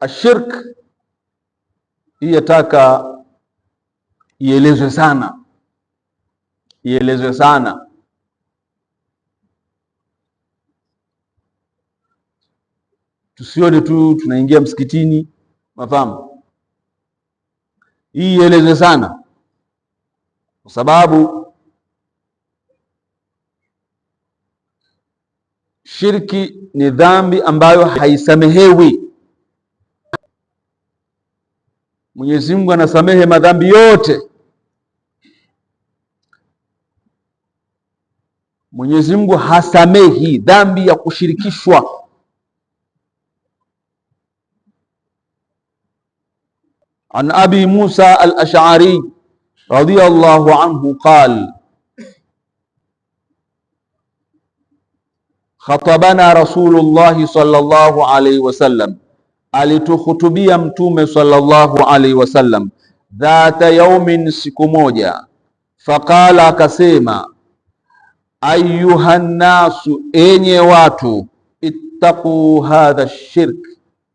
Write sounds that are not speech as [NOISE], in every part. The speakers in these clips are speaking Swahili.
Ashirk hii yataka ielezwe sana, ielezwe sana. Tusione tu tunaingia msikitini, mafahamu, hii ielezwe sana, kwa sababu shirki ni dhambi ambayo haisamehewi Mwenyezi Mungu anasamehe madhambi yote. Mwenyezi Mungu hasamehi dhambi ya kushirikishwa. An Abi Musa al-Ash'ari radiyallahu anhu qal khatabana Rasulullah sallallahu alayhi wasallam alituhutubia Mtume sallallahu alaihi wasallam dhata yaumin, siku moja. Faqala, akasema ayuhannasu, enye watu, ittaqu hadha shirk,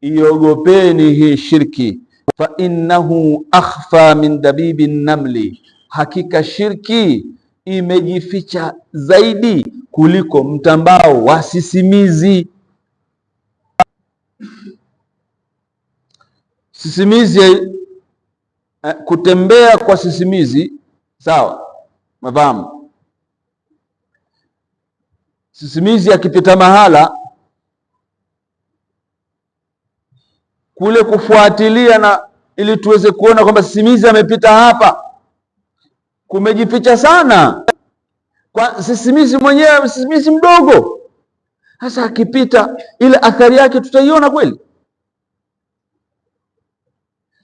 iogopeni hii shirki. Fa innahu akhfa min dabibi namli, hakika shirki imejificha zaidi kuliko mtambao wa sisimizi sisimizi eh, kutembea kwa sisimizi sawa, mafahamu. Sisimizi akipita mahala kule kufuatilia, na ili tuweze kuona kwamba sisimizi amepita hapa, kumejificha sana kwa sisimizi mwenyewe, sisimizi mdogo. Sasa akipita ile athari yake tutaiona kweli?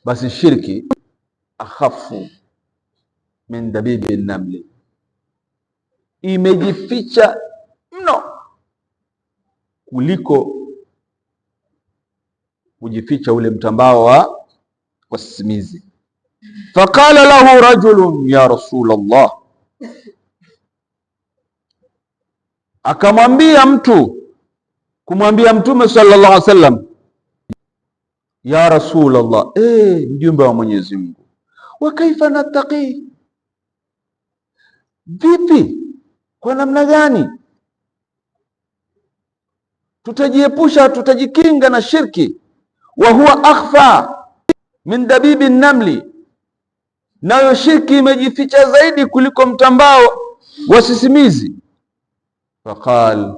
basi shirki akhafu min dabibi namli, imejificha mno kuliko kujificha ule mtambao wa wasimizi. Faqala lahu rajulun ya rasul akamwambia mtu kumwambia Mtume sallallahu alaihi wasallam ya Rasulullah, eh, mjumbe wa Mwenyezi Mungu, wa kaifa nattaqi, vipi, kwa namna gani tutajiepusha tutajikinga na shirki? wa huwa akhfa min dabibi namli, nayo shirki imejificha zaidi kuliko mtambao wa sisimizi. Faqal,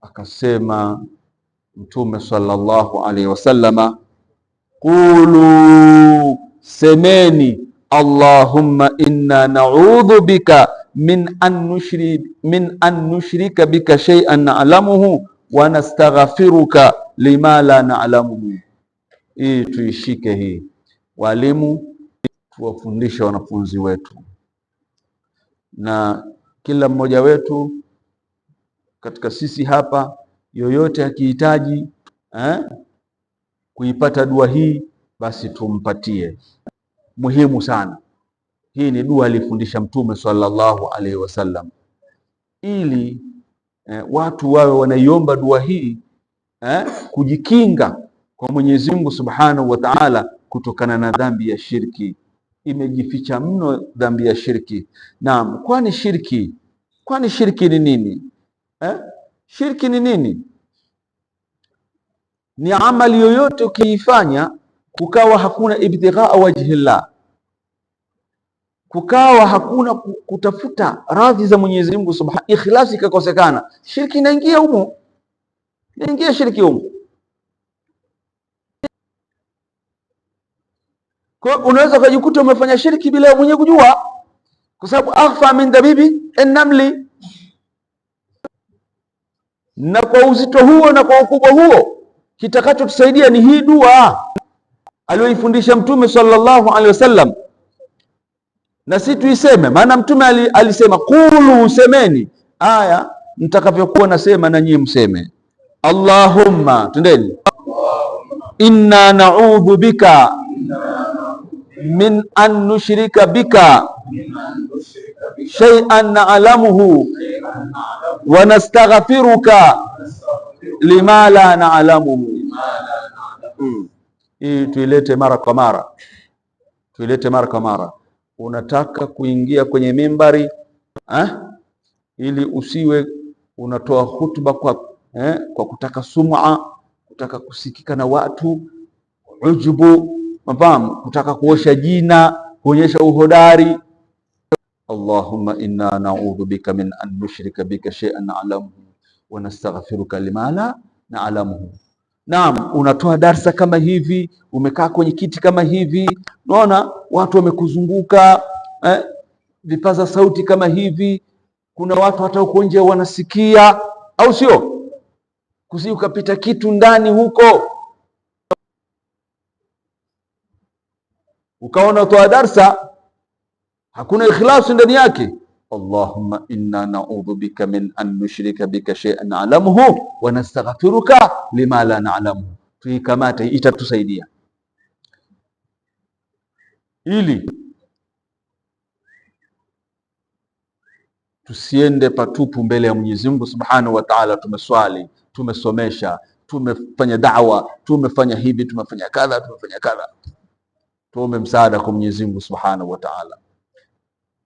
akasema Mtume sallallahu alaihi wasallama Qulu, semeni allahumma inna naudhu bika min an nushri, min an nushrika bika shay'an na'lamuhu wa nastaghfiruka lima la na'lamuhu. Hii tuishike hii, walimu tuwafundishe wanafunzi wetu na kila mmoja wetu katika sisi hapa, yoyote akihitaji eh? kuipata dua hii, basi tumpatie. Muhimu sana hii ni dua alifundisha Mtume sallallahu alaihi wasallam, ili eh, watu wawe wanaiomba dua hii eh, kujikinga kwa Mwenyezi Mungu Subhanahu wa Ta'ala kutokana na dhambi ya shirki. Imejificha mno dhambi ya shirki. Naam, kwani shirki kwani shirki ni nini eh? Shirki ni nini? ni amali yoyote ukiifanya kukawa hakuna ibtigha wajhillah, kukawa hakuna kutafuta radhi za Mwenyezi Mungu Subhanahu, ikhlasi ikakosekana, shirki inaingia humo, inaingia shirki humo. Kwa unaweza ukajikuta umefanya shirki bila mwenye kujua, kwa sababu afa min dabibi ennamli. Na kwa uzito huo na kwa ukubwa huo kitakachotusaidia ni hii dua aliyoifundisha Mtume sallallahu alaihi wasallam, na si tuiseme. Maana Mtume alisema kulu semeni aya mtakavyokuwa nasema na nyinyi mseme. Allahumma, tendeni inna naudhu bika min an nushrika bika shay'an na'lamuhu wa nastaghfiruka lima la naalamuhu mm. Hii tuilete mara kwa mara, tuilete mara kwa mara. Unataka kuingia kwenye mimbari eh? ili usiwe unatoa hutuba kwa, eh? kwa kutaka sum'a, kutaka kusikika na watu, ujubu mafahamu, kutaka kuosha jina, kuonyesha uhodari Allahumma inna naudhu bika min an nushrika bika shay'an alamu wanastaghfiruka lima la naalamuhu. Naam, unatoa darsa kama hivi, umekaa kwenye kiti kama hivi, unaona watu wamekuzunguka eh, vipaza sauti kama hivi, kuna watu hata huko nje wanasikia, au sio? Kusi ukapita kitu ndani huko ukaona utoa darsa hakuna ikhlasi ndani yake. Allahumma inna naudhu bika min an nushrika bika shay'an na'lamuhu wa nastaghfiruka lima la na'lamuhu. Tuikamate, itatusaidia ili tusiende patupu mbele ya Mwenyezi Mungu Subhanahu wa Ta'ala. Tumeswali, tumesomesha, tumefanya da'wa, tumefanya hivi, tumefanya kadha, tumefanya kadha. Tuombe msaada kwa Mwenyezi Mungu Subhanahu wa Ta'ala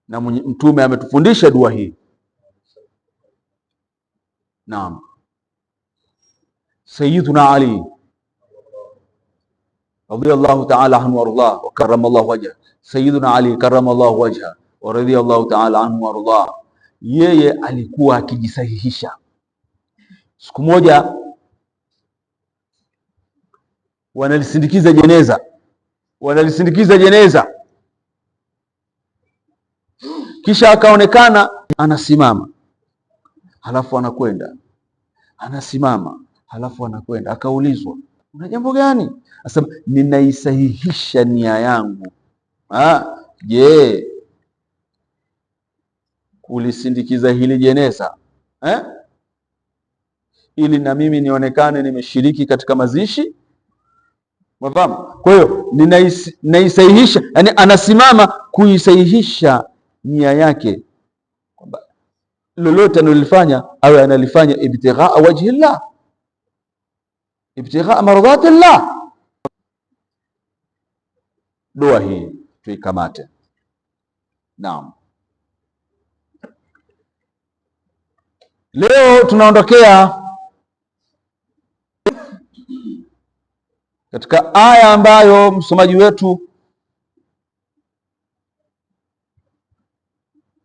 na Mtume ametufundisha dua hii. Naam, Sayyiduna Ali radiyallahu ta'ala anhu wardah wa karamallahu wajha. Sayyiduna Ali karamallahu wajha wa radiyallahu ta'ala anhu wardah, yeye alikuwa akijisahihisha. Siku moja wanalisindikiza jeneza, wanalisindikiza jeneza kisha akaonekana anasimama, halafu anakwenda, anasimama, halafu anakwenda. Akaulizwa, una jambo gani? Asema, ninaisahihisha nia yangu. Ah, je, kulisindikiza hili jeneza eh? ili na mimi nionekane nimeshiriki katika mazishi mafahamu. Kwa hiyo ninaisahihisha, yani anasimama kuisahihisha nia yake kwamba lolote analolifanya awe analifanya ibtighaa wajhi llah, ibtighaa mardhati llah. Dua hii tuikamate. Naam, leo tunaondokea katika aya ambayo msomaji wetu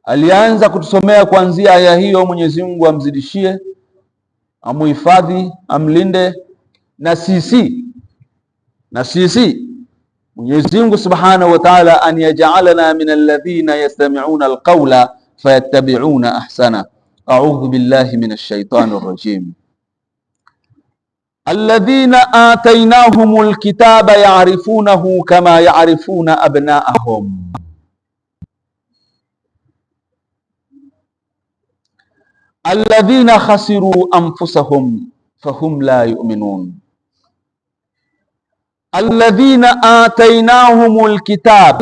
Alianza kutusomea kuanzia aya hiyo. Mwenyezi Mungu amzidishie, amuhifadhi, amlinde na sisi na sisi Mwenyezi Mungu Subhanahu wa Ta'ala, an yaj'alana min alladhina yastami'una alqawla fayattabi'una ahsana. A'udhu billahi minash shaitani rrajim. Alladhina atainahumul kitaba ya'rifunahu kama ya'rifuna abna'ahum alladhina khasiru anfusahum fahum la yu'minun alladhina atainahumul kitab,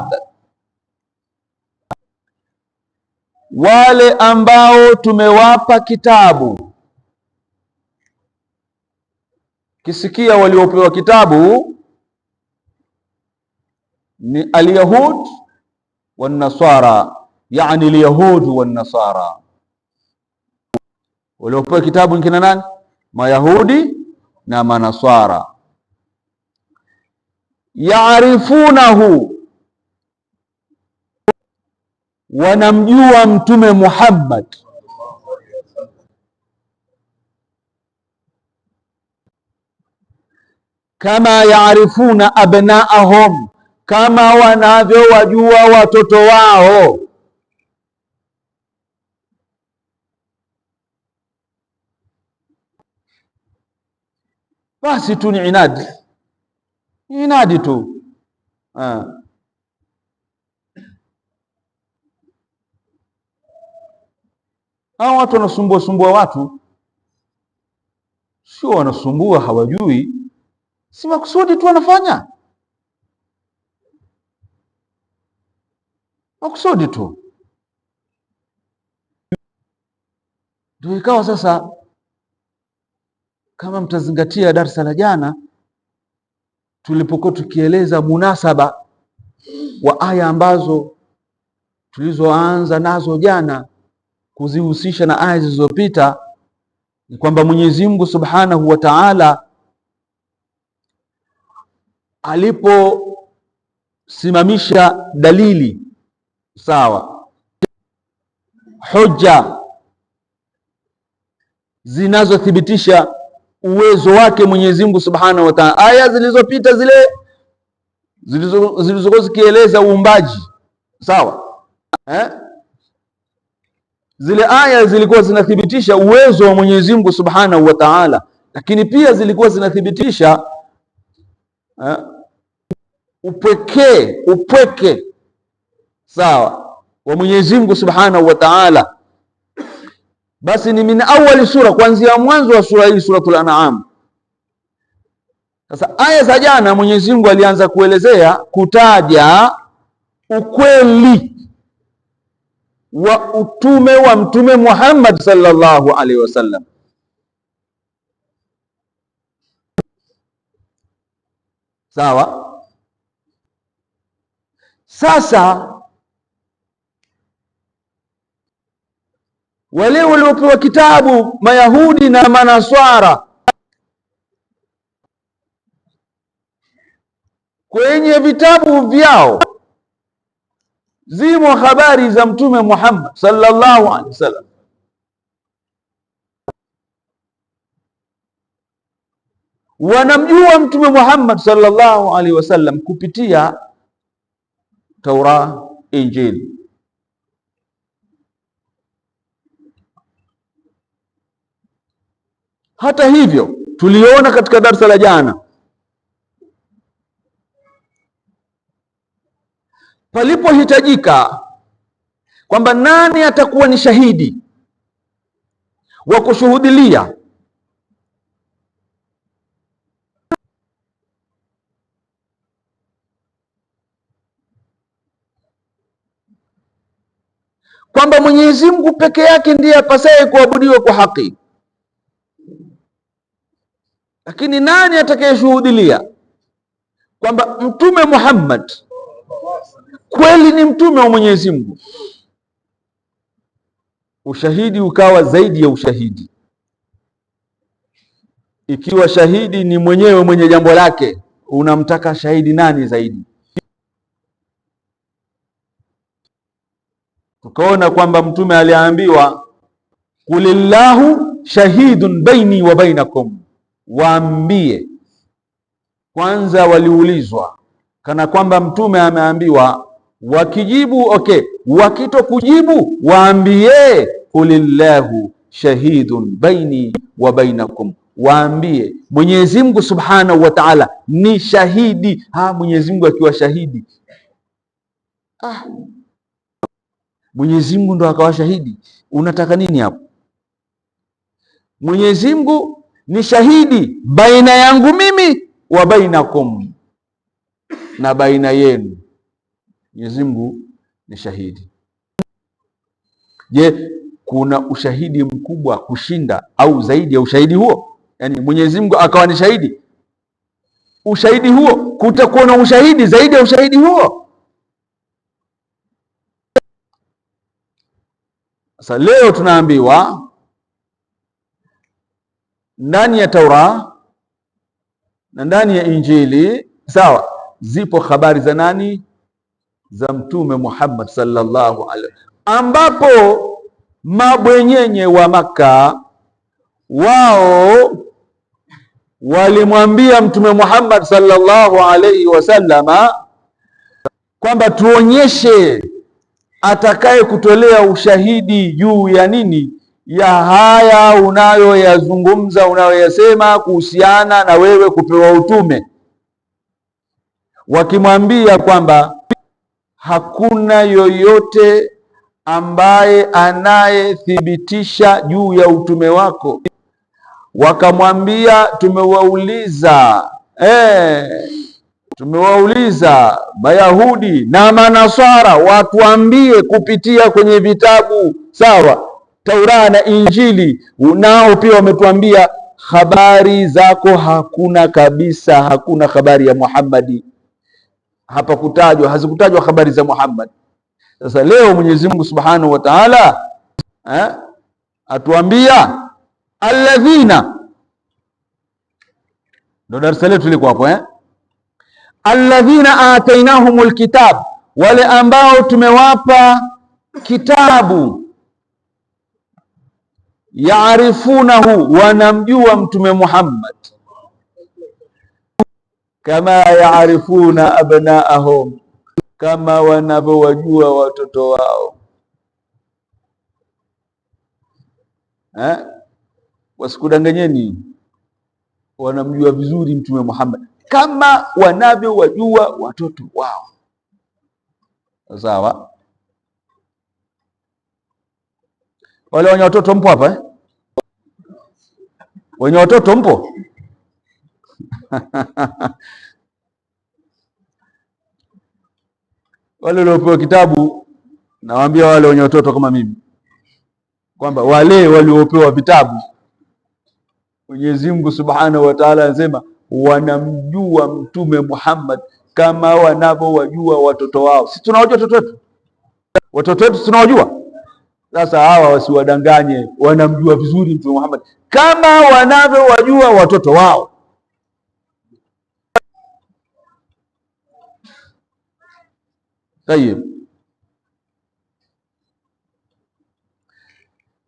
wale ambao tumewapa kitabu. Kisikia waliopewa kitabu ni alyahud wan nasara, yani alyahud wan nasara waliopewa kitabu ni kina nani? Mayahudi na Manaswara. Yaarifunahu, wanamjua Mtume Muhammad kama yaarifuna abnaahum, kama wanavyowajua watoto wao basi tu ni inadi, ni inadi tu ha. Hawa watu wanasumbua sumbua watu, sio wanasumbua, hawajui, si makusudi tu wanafanya makusudi tu, ndio ikawa sasa kama mtazingatia darsa la jana tulipokuwa tukieleza munasaba wa aya ambazo tulizoanza nazo jana kuzihusisha na aya zilizopita, ni kwamba Mwenyezi Mungu Subhanahu wa Ta'ala aliposimamisha dalili sawa, hoja zinazothibitisha uwezo wake Mwenyezi Mungu Subhanahu wa Ta'ala. Aya zilizopita zile zilizokuwa zikieleza uumbaji sawa, eh? Zile aya zilikuwa zinathibitisha uwezo wa Mwenyezi Mungu Subhanahu wa Ta'ala, lakini pia zilikuwa zinathibitisha eh, upweke upweke sawa wa Mwenyezi Mungu Subhanahu wa Ta'ala basi ni min awali sura, kuanzia mwanzo wa sura hii, suratul An'am. Sasa aya za jana, Mwenyezi Mungu alianza kuelezea kutaja ukweli wa utume wa Mtume Muhammad sallallahu alaihi wasallam. Sawa, sasa wale waliopewa kitabu Mayahudi na Manaswara kwenye vitabu vyao zimo habari za Mtume Muhammad sallallahu alaihi wasallam. Wanamjua Mtume Muhammad sallallahu alaihi wasallam kupitia Taura, Injili Hata hivyo tuliona katika darsa la jana palipohitajika kwamba nani atakuwa ni shahidi wa kushuhudilia kwamba Mwenyezi Mungu peke yake ndiye apasaye kuabudiwa kwa haki lakini nani atakayeshuhudilia kwamba Mtume Muhammad kweli ni mtume wa Mwenyezi Mungu? Ushahidi ukawa zaidi ya ushahidi, ikiwa shahidi ni mwenyewe mwenye jambo lake, unamtaka shahidi nani zaidi? Tukaona kwamba mtume aliambiwa kulillahu shahidun baini wa bainakum waambie. Kwanza waliulizwa kana kwamba mtume ameambiwa, wakijibu okay, wakitokujibu waambie kulillahu shahidun baini wa bainakum, waambie Mwenyezi Mungu subhanahu wa ta'ala ni shahidi. Ha, Mwenyezi Mungu akiwa shahidi ah. Mwenyezi Mungu ndo akawa shahidi, unataka nini hapo? Mwenyezi Mungu ni shahidi baina yangu mimi wa bainakum, na baina yenu. Mwenyezi Mungu ni shahidi. Je, kuna ushahidi mkubwa kushinda au zaidi ya ushahidi huo? Yaani Mwenyezi Mungu akawa ni shahidi, ushahidi huo, kutakuwa na ushahidi zaidi ya ushahidi huo? Sasa leo tunaambiwa ndani ya Taura na ndani ya Injili, sawa, zipo habari za nani? Za Mtume Muhammad sallallahu alaihi ambapo mabwenyenye wa Makka wao walimwambia Mtume Muhammad sallallahu alaihi wasallama kwamba tuonyeshe atakaye kutolea ushahidi juu ya nini ya haya unayoyazungumza unayoyasema kuhusiana na wewe kupewa utume, wakimwambia kwamba hakuna yoyote ambaye anayethibitisha juu ya utume wako. Wakamwambia, tumewauliza eh, tumewauliza Mayahudi na Manaswara watuambie kupitia kwenye vitabu sawa Taura na Injili nao pia wametuambia habari zako hakuna kabisa, hakuna habari ya Muhammadi. Hapakutajwa, hazikutajwa habari za Muhammad. Sasa leo Mwenyezi Mungu Subhanahu wa Ta'ala eh, atuambia alladhina, ndo darasa letu liko hapo eh, alladhina atainahumul kitab, wale ambao tumewapa kitabu yaarifunahu, wanamjua Mtume Muhammad kama yaarifuna abnaahum, kama wanavyowajua watoto wao ha? Wasikudanganyeni, wanamjua vizuri Mtume Muhammad kama wanavyowajua watoto wao, sawa Wale wenye watoto mpo hapa eh? Wenye watoto mpo? [LAUGHS] Wale waliopewa kitabu, nawaambia wale wenye watoto kama mimi kwamba wale waliopewa vitabu, Mwenyezi Mungu Subhanahu wa Ta'ala anasema wanamjua Mtume Muhammad kama wanavyowajua watoto wao. Sisi tunawajua watoto wetu, watoto wetu tunawajua sasa hawa wasiwadanganye, wanamjua vizuri Mtume Muhammad kama wanavyowajua watoto wao. Tayeb,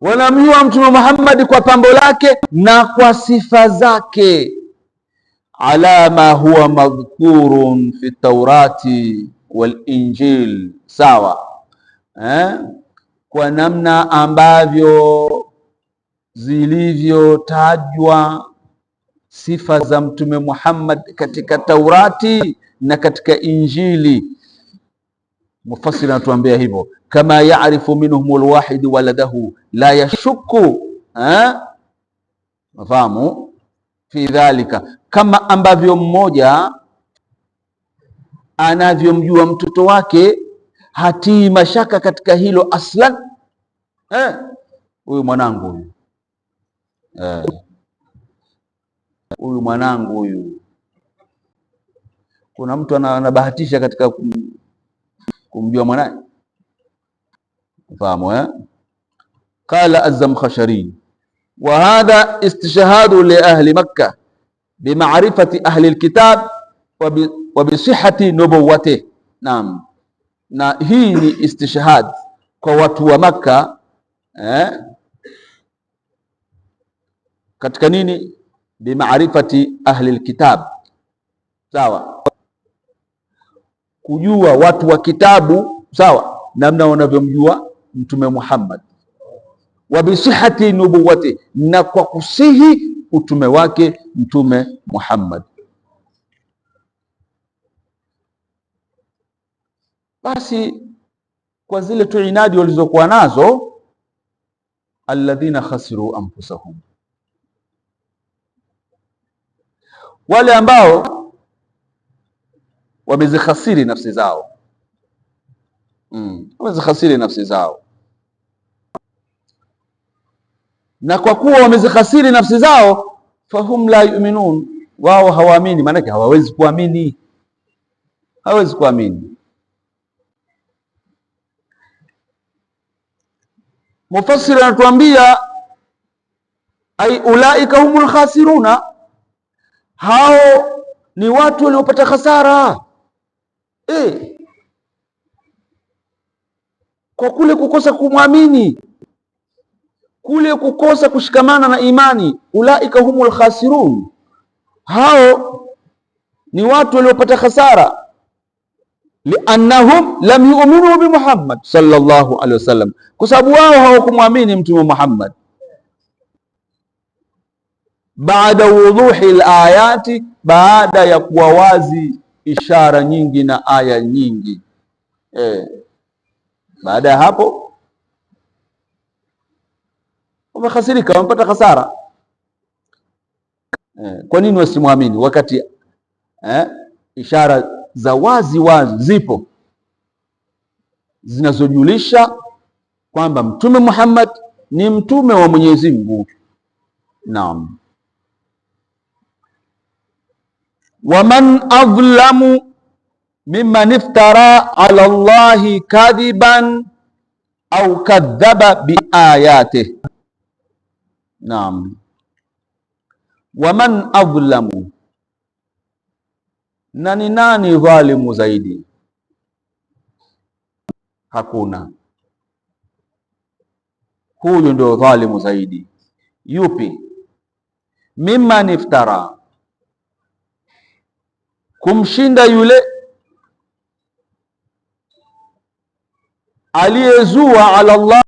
wanamjua Mtume Muhammad kwa pambo lake na kwa sifa zake, ala ma huwa madhkurun fi Taurati wal Injil, sawa eh? kwa namna ambavyo zilivyotajwa sifa za Mtume Muhammad katika Taurati na katika Injili. Mufassiri anatuambia hivyo, kama yaarifu minhum alwahid waladahu la yashuku mafahamu fi dhalika, kama ambavyo mmoja anavyomjua mtoto wake hatii mashaka katika hilo aslan Eh, huyu mwanangu huyu eh. huyu mwanangu huyu. Kuna mtu anabahatisha katika kum, kumjua mwanae fahamu eh? Qala azzamkhashari zamakhshari wa hadha istishhadu li ahli Makkah bimarifati ahli alkitab wa sihhati nubuwwati. Naam, na hii ni istishhad kwa watu wa Makka eh, katika nini, bimaarifati ahli alkitab, sawa, kujua watu wa kitabu, sawa, namna wanavyomjua Mtume Muhammad, wa bisihati nubuwati, na kwa kusihi utume wake Mtume Muhammad. Basi kwa zile tu inadi walizokuwa nazo alladhina khasiru anfusahum, wale ambao wamezikhasiri nafsi zao mm. Wamezikhasiri nafsi zao, na kwa kuwa wamezikhasiri nafsi zao, fahum la yuminun, wao hawaamini. Maanake hawawezi kuamini, hawawezi kuamini mufasiri anatuambia ai ulaika humul khasiruna, hao ni watu waliopata hasara e, kwa kule kukosa kumwamini, kule kukosa kushikamana na imani. Ulaika humul khasirun, hao ni watu waliopata hasara liannahum lam yu'minu bi Muhammad sallallahu alaihi wasallam, kwa sababu wao hawakumwamini Mtume Muhammad. Baada wuduhi alayati, baada ya kuwa wazi ishara nyingi na aya nyingi eh. Baada ya hapo wamekhasirika, wamepata khasara eh. Kwa nini wasimwamini wakati eh, ishara za wazi wazi zipo zinazojulisha kwamba Mtume Muhammad ni mtume wa Mwenyezi Mungu. Naam, waman adhlamu mimman iftara ala Allahi kadhiban au kadhaba biayatih. Naam, waman adlamu na ni nani dhalimu zaidi? Hakuna. Huyu ndio dhalimu zaidi. Yupi? Mimman iftara, kumshinda yule aliyezua ala Allah